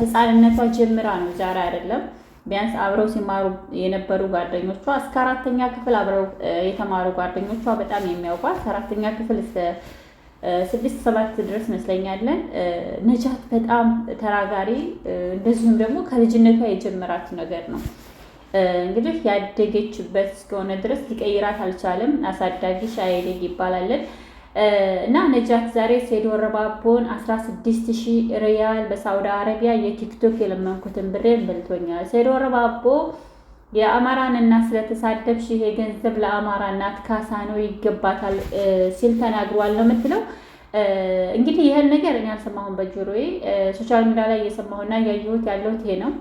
ህፃንነቷ ጀምራ ነው። ዛሬ አይደለም ቢያንስ አብረው ሲማሩ የነበሩ ጓደኞቿ እስከ አራተኛ ክፍል አብረው የተማሩ ጓደኞቿ በጣም የሚያውቋት አራተኛ ክፍል እስከ ስድስት ሰባት ድረስ መስለኛለን። ነጃት በጣም ተናጋሪ እንደዚሁም ደግሞ ከልጅነቷ የጀመራት ነገር ነው። እንግዲህ ያደገችበት እስከሆነ ድረስ ሊቀይራት አልቻለም። አሳዳጊሽ አይደግ ይባላለን። እና ነጃት ዛሬ ሴዶ ረባቦን 16000 ሪያል በሳውዲ አረቢያ የቲክቶክ የለመንኩትን ብሬን በልቶኛል። ሴዶ ረባቦ የአማራን እናት ስለተሳደብሽ ይሄ ገንዘብ ለአማራ እናት ካሳ ነው ይገባታል ሲል ተናግሯል ነው የምትለው። እንግዲህ ይህን ነገር እኔ አልሰማሁም በጆሮዬ። ሶሻል ሚዲያ ላይ እየሰማሁና እያየሁት ያለሁት ይሄ ነው።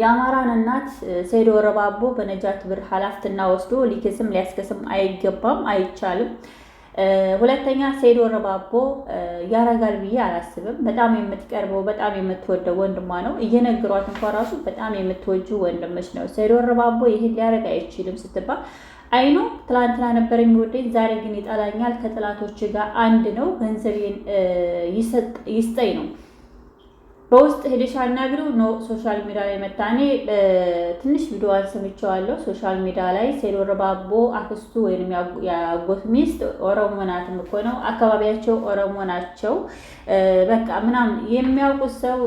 የአማራን እናት ሴዶ ረባቦ በነጃት ብር ኃላፊትና ወስዶ ሊክስም ሊያስከስም አይገባም፣ አይቻልም። ሁለተኛ ሴዶ ረባቦ ያረጋል ብዬ አላስብም። በጣም የምትቀርበው በጣም የምትወደው ወንድሟ ነው። እየነገሯት እንኳ ራሱ በጣም የምትወጁ ወንድምች ነው። ሴዶ ረባቦ ይህን ሊያረግ አይችልም ስትባል አይኖ ትላንትና ነበር የሚወደኝ፣ ዛሬ ግን ይጠላኛል። ከጥላቶች ጋር አንድ ነው። ገንዘቤን ይስጠኝ ነው በውስጥ ሄደሽ አናግሪው ኖ ሶሻል ሚዲያ ላይ መታኔ ትንሽ ቪዲዮ አልሰምቸዋለሁ ሶሻል ሚዲያ ላይ ሴሎ ረባቦ አክስቱ ወይም ያጎት ሚስት ኦሮሞ ናት እኮ ነው አካባቢያቸው ኦሮሞ ናቸው በቃ ምናምን የሚያውቁት ሰው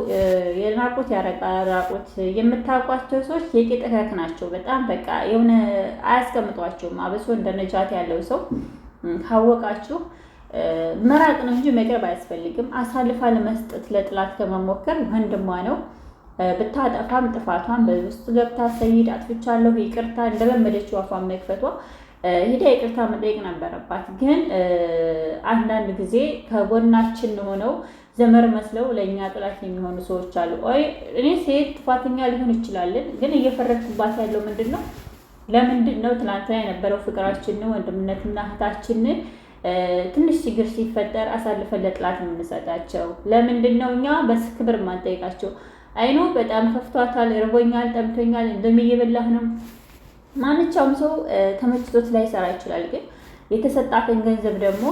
የናቁት ያራቁት የምታውቋቸው ሰዎች የቄጠከክ ናቸው። በጣም በቃ የሆነ አያስቀምጧቸውም። አብሶ እንደነጃት ያለው ሰው ካወቃችሁ መራቅ ነው እንጂ መቅረብ አያስፈልግም። አሳልፋ ለመስጠት ለጥላት ከመሞከር ወንድሟ ነው። ብታጠፋም ጥፋቷን በውስጥ ገብታ ሰይድ አጥፍቻለሁ፣ ይቅርታ እንደለመደችው አፏን መክፈቷ ሂዳ ይቅርታ መጠየቅ ነበረባት። ግን አንዳንድ ጊዜ ከጎናችን ሆነው ዘመር መስለው ለእኛ ጥላት የሚሆኑ ሰዎች አሉ። እኔ ሴት ጥፋተኛ ሊሆን ይችላልን፣ ግን እየፈረድኩባት ያለው ምንድን ነው? ለምንድን ነው ትናንትና የነበረው ፍቅራችንን ወንድምነትና እህታችንን ትንሽ ችግር ሲፈጠር አሳልፈን ለጥላት ነው የምንሰጣቸው። ለምንድን ነው እኛ በክብር ማንጠይቃቸው? አይኖ በጣም ከፍቷታል፣ እርቦኛል፣ ጠምቶኛል፣ እንደምን ነው። ማንቻውም ሰው ተመችቶት ላይሰራ ይችላል። ግን የተሰጣትን ገንዘብ ደግሞ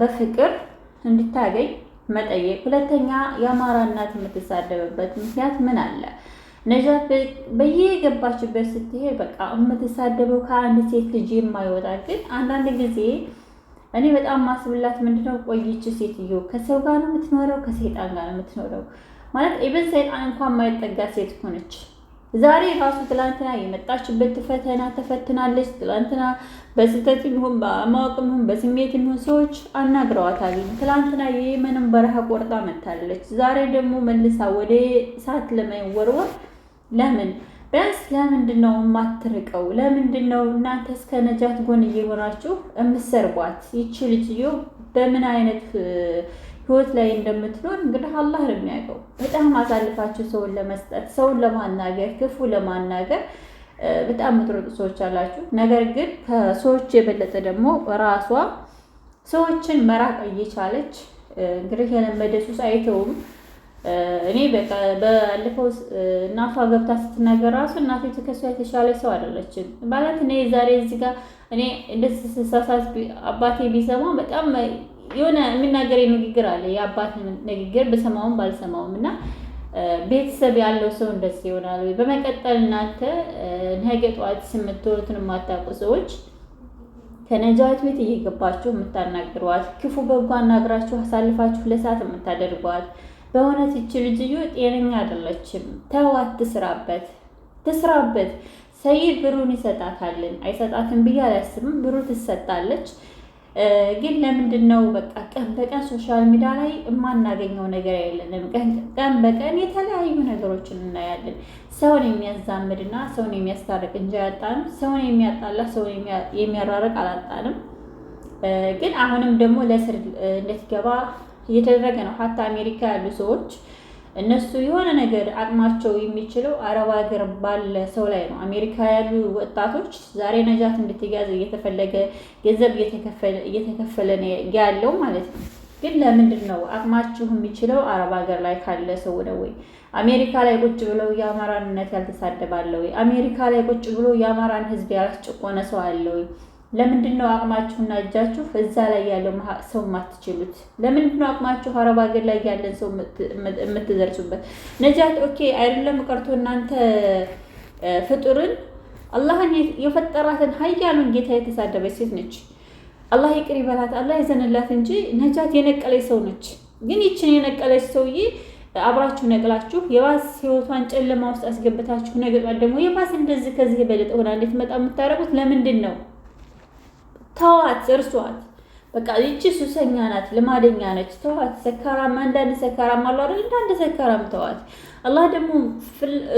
በፍቅር እንድታገኝ መጠየቅ። ሁለተኛ የአማራ እናት የምትሳደብበት ምክንያት ምን አለ? ነጃት በየገባችበት ስትሄድ በቃ የምትሳደበው ከአንድ ሴት ልጅ የማይወጣ ግን አንዳንድ ጊዜ እኔ በጣም ማስብላት ምንድነው ቆይች ሴትዮ ከሰው ጋር ነው የምትኖረው፣ ከሰይጣን ጋር ነው የምትኖረው ማለት ኢቨን ሰይጣን እንኳን የማይጠጋ ሴት ሆነች። ዛሬ ራሱ ትላንትና የመጣችበት ፈተና ተፈትናለች። ትላንትና በስህተት ይሁን በማወቅም ይሁን በስሜት ይሁን ሰዎች አናግረዋታል። ትላንትና የየመንን በረሃ ቆርጣ መታለች። ዛሬ ደግሞ መልሳ ወደ እሳት ለመወርወር ለምን ቢያንስ ለምንድን ነው የማትርቀው? ለምንድን ነው እናንተ እስከ ነጃት ጎን እየሆናችሁ የምሰርቧት? ይቺ ልጅዮ በምን አይነት ህይወት ላይ እንደምትኖር እንግዲህ አላህ ነው የሚያውቀው። በጣም አሳልፋችሁ ሰውን ለመስጠት፣ ሰውን ለማናገር፣ ክፉ ለማናገር በጣም የምትሮጡ ሰዎች አላችሁ። ነገር ግን ከሰዎች የበለጠ ደግሞ ራሷ ሰዎችን መራቅ እየቻለች እንግዲህ የለመደ ሱስ አይተውም እኔ በቃ ባለፈው እናቷ ገብታ ስትናገር ራሱ እናቴ ከሷ የተሻለ ሰው አይደለችም ማለት እኔ ዛሬ እዚህ ጋር እኔ እንደዚህ ስሳሳት አባቴ ቢሰማ በጣም የሆነ የሚናገር ንግግር አለ። የአባት ንግግር ብሰማውም ባልሰማውም እና ቤተሰብ ያለው ሰው እንደዚህ ይሆናል። በመቀጠል እናንተ ነገ ጠዋት ስምትወሩትን የማታውቁ ሰዎች ከነጃት ቤት እየገባችሁ የምታናግሯት፣ ክፉ በጎ አናግራችሁ አሳልፋችሁ ለሰዓት የምታደርጓት በእውነት ይች ልጅዮ ጤነኛ አይደለችም። ተዋት፣ ትስራበት ትስራበት። ሰይድ ብሩን ይሰጣታልን አይሰጣትም ብዬ አላስብም። ብሩ ትሰጣለች። ግን ለምንድን ነው በቃ ቀን በቀን ሶሻል ሚዲያ ላይ የማናገኘው ነገር የለንም? ቀን በቀን የተለያዩ ነገሮችን እናያለን። ሰውን የሚያዛምድና ሰውን የሚያስታርቅ እንጂ አያጣንም። ሰውን የሚያጣላ ሰውን የሚያራርቅ አላጣንም። ግን አሁንም ደግሞ ለእስር እንድትገባ እየተደረገ ነው። ሀታ አሜሪካ ያሉ ሰዎች እነሱ የሆነ ነገር አቅማቸው የሚችለው አረብ ሀገር ባለ ሰው ላይ ነው። አሜሪካ ያሉ ወጣቶች ዛሬ ነጃት እንድትያዝ እየተፈለገ ገንዘብ እየተከፈለ ያለው ማለት ነው። ግን ለምንድን ነው አቅማችሁ የሚችለው አረብ ሀገር ላይ ካለ ሰው ነው ወይ? አሜሪካ ላይ ቁጭ ብለው የአማራንነት ያልተሳደባለ ወይ? አሜሪካ ላይ ቁጭ ብሎ የአማራን ሕዝብ ያላስጨቆነ ሰው አለ ወይ? ለምንድን ነው አቅማችሁና እጃችሁ እዛ ላይ ያለው ሰው ማትችሉት ለምንድን ነው አቅማችሁ አረብ ሀገር ላይ ያለን ሰው የምትደርሱበት? ነጃት ኦኬ አይደለም ቀርቶ እናንተ ፍጡርን አላህን የፈጠራትን ሀያሉን ጌታ የተሳደበች ሴት ነች። አላህ ይቅር ይበላት፣ አላህ ይዘንላት እንጂ ነጃት የነቀለች ሰው ነች። ግን ይችን የነቀለች ሰውዬ አብራችሁ ነቅላችሁ የባስ ህይወቷን ጨለማ ውስጥ አስገብታችሁ ነገጧት ደግሞ የባስ እንደዚህ ከዚህ የበለጠ ሆና መጣ የምታደርጉት ለምንድን ነው? ተዋት፣ እርሷት። በቃ ይቺ ሱሰኛ ናት፣ ልማደኛ ነች፣ ተዋት። ሰካራም አንዳንድ ሰካራም አሉ አይደል? እንዳንድ ሰካራም ተዋት። አላህ ደግሞ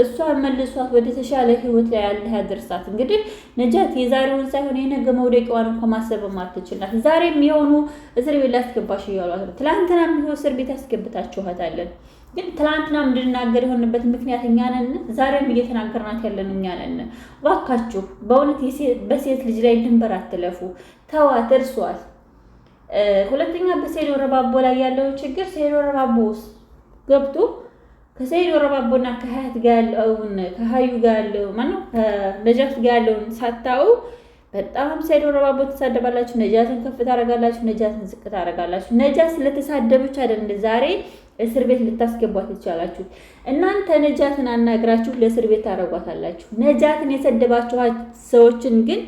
እሷ መልሷት ወደ ተሻለ ህይወት ላይ ያለህ ያደርሳት። እንግዲህ ነጃት የዛሬውን ሳይሆን የነገ መውደቂዋን እንኳ ማሰብ ማትችላት። ዛሬም የሆኑ እስር ቤት ላስገባሽ እያሏት ነው። ትላንትናም እስር ቤት ያስገብታችኋታለን። ግን ትላንትና እንድናገር የሆንበት ምክንያት እኛ ዛሬም እየተናገርናት ያለን እኛ ነን። በእውነት በሴት ልጅ ላይ ድንበር አትለፉ። ተዋት፣ እርሷል። ሁለተኛ በሰይዶ ወረባቦ ላይ ያለውን ችግር ሰይዶ ወረባቦ ውስጥ ገብቶ ወረባቦ ረባቦና ከሀያት ጋር ያለውን ከሀዩ ጋር ያለው ማነው ከነጃት ጋር ያለውን ሳታው በጣም ሰይዶ ወረባቦ ትሳደባላችሁ፣ ነጃትን ከፍ ታደርጋላችሁ፣ ነጃትን ዝቅ ታደርጋላችሁ። ነጃት ስለተሳደበች አይደል ዛሬ እስር ቤት ልታስገቧት ይቻላችሁ። እናንተ ነጃትን አናግራችሁ ለእስር ቤት ታረጓታላችሁ። ነጃትን የሰደባችኋት ሰዎችን ግን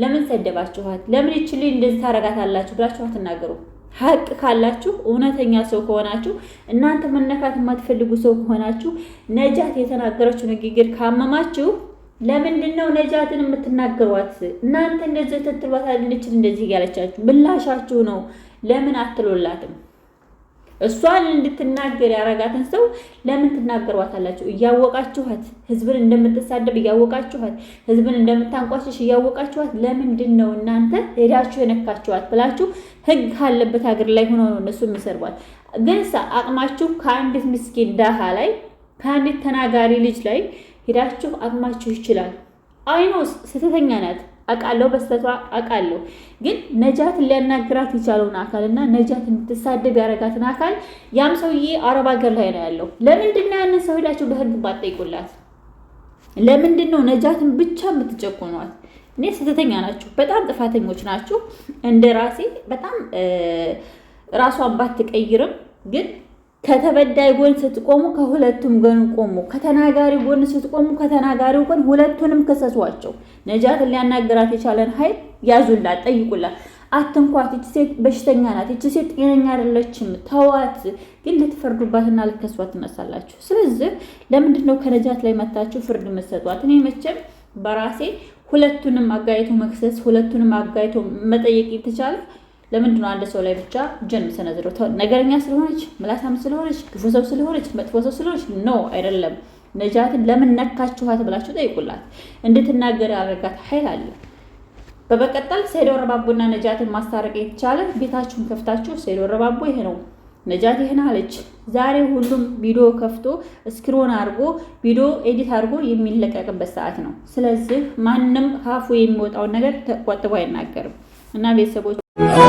ለምን ሰደባችኋት? ለምን ይችል እንደዚህ ታረጋታላችሁ ብላችሁ አትናገሩ። ሀቅ ካላችሁ እውነተኛ ሰው ከሆናችሁ እናንተ መነካት የማትፈልጉ ሰው ከሆናችሁ ነጃት የተናገረችው ንግግር ካመማችሁ ለምንድን ነው ነጃትን የምትናገሯት? እናንተ እንደዚህ ትትሏት አልችል እንደዚህ እያለቻችሁ ምላሻችሁ ነው። ለምን አትሎላትም? እሷን እንድትናገር ያረጋትን ሰው ለምን ትናገሯታላችሁ? እያወቃችኋት ህዝብን እንደምትሳደብ እያወቃችኋት ህዝብን እንደምታንቋሽሽ እያወቃችኋት ለምንድን ነው እናንተ ሄዳችሁ የነካችኋት ብላችሁ ህግ ካለበት ሀገር ላይ ሆኖ ነው እነሱ የሚሰርቧት። ግን አቅማችሁ ከአንዲት ምስኪን ዳሃ ላይ ከአንዲት ተናጋሪ ልጅ ላይ ሄዳችሁ አቅማችሁ ይችላል። አይኖስ ስህተተኛ ናት። አቃለሁ በስተቷ አውቃለሁ። ግን ነጃት ሊያናግራት የቻለውን አካል እና ነጃት እንድትሳደብ ያደረጋትን አካል ያም ሰውዬ አረብ ሀገር ላይ ነው ያለው። ለምንድን ነው ያንን ሰው ሄዳችሁ በህግ ባጠይቁላት? ለምንድን ነው ነጃትን ብቻ የምትጨቁኗት? እኔ ስህተተኛ ናችሁ፣ በጣም ጥፋተኞች ናችሁ። እንደ ራሴ በጣም ራሷን ባትቀይርም ግን ከተበዳይ ጎን ስትቆሙ ከሁለቱም ጎን ቆሙ። ከተናጋሪ ጎን ስትቆሙ ከተናጋሪው ጎን ሁለቱንም ከሰሷቸው። ነጃትን ሊያናገራት የቻለን ኃይል ያዙላት፣ ጠይቁላት። አትንኳት። ይቺ ሴት በሽተኛ ናት። ይች ሴት ጤነኛ አይደለችም። ተዋት። ግን ልትፈርዱባትና ልከሷት ትነሳላችሁ። ስለዚህ ለምንድን ነው ከነጃት ላይ መታችሁ ፍርድ መሰጧት? እኔ መቼም በራሴ ሁለቱንም አጋይቶ መክሰስ ሁለቱንም አጋይቶ መጠየቅ የተቻለ ለምንድን ነው አንድ ሰው ላይ ብቻ ጅን ሰነዝረው? ነገረኛ ስለሆነች፣ ምላሳም ስለሆነች፣ ክፉ ሰው ስለሆነች፣ መጥፎ ሰው ስለሆነች ኖ አይደለም። ነጃትን ለምን ነካችኋት ብላችሁ ጠይቁላት። እንድትናገር ያደርጋት ኃይል አለ። በመቀጠል ሰይድ ወረባቦና ነጃትን ማስታረቅ የተቻለ ቤታችሁን ከፍታችሁ ሰይድ ወረባቦ ይሄ ነው ነጃት ይህን አለች። ዛሬ ሁሉም ቪዲዮ ከፍቶ እስክሮን አድርጎ ቪዲዮ ኤዲት አድርጎ የሚለቀቅበት ሰዓት ነው። ስለዚህ ማንም ካፉ የሚወጣውን ነገር ተቆጥቦ አይናገርም እና ቤተሰቦች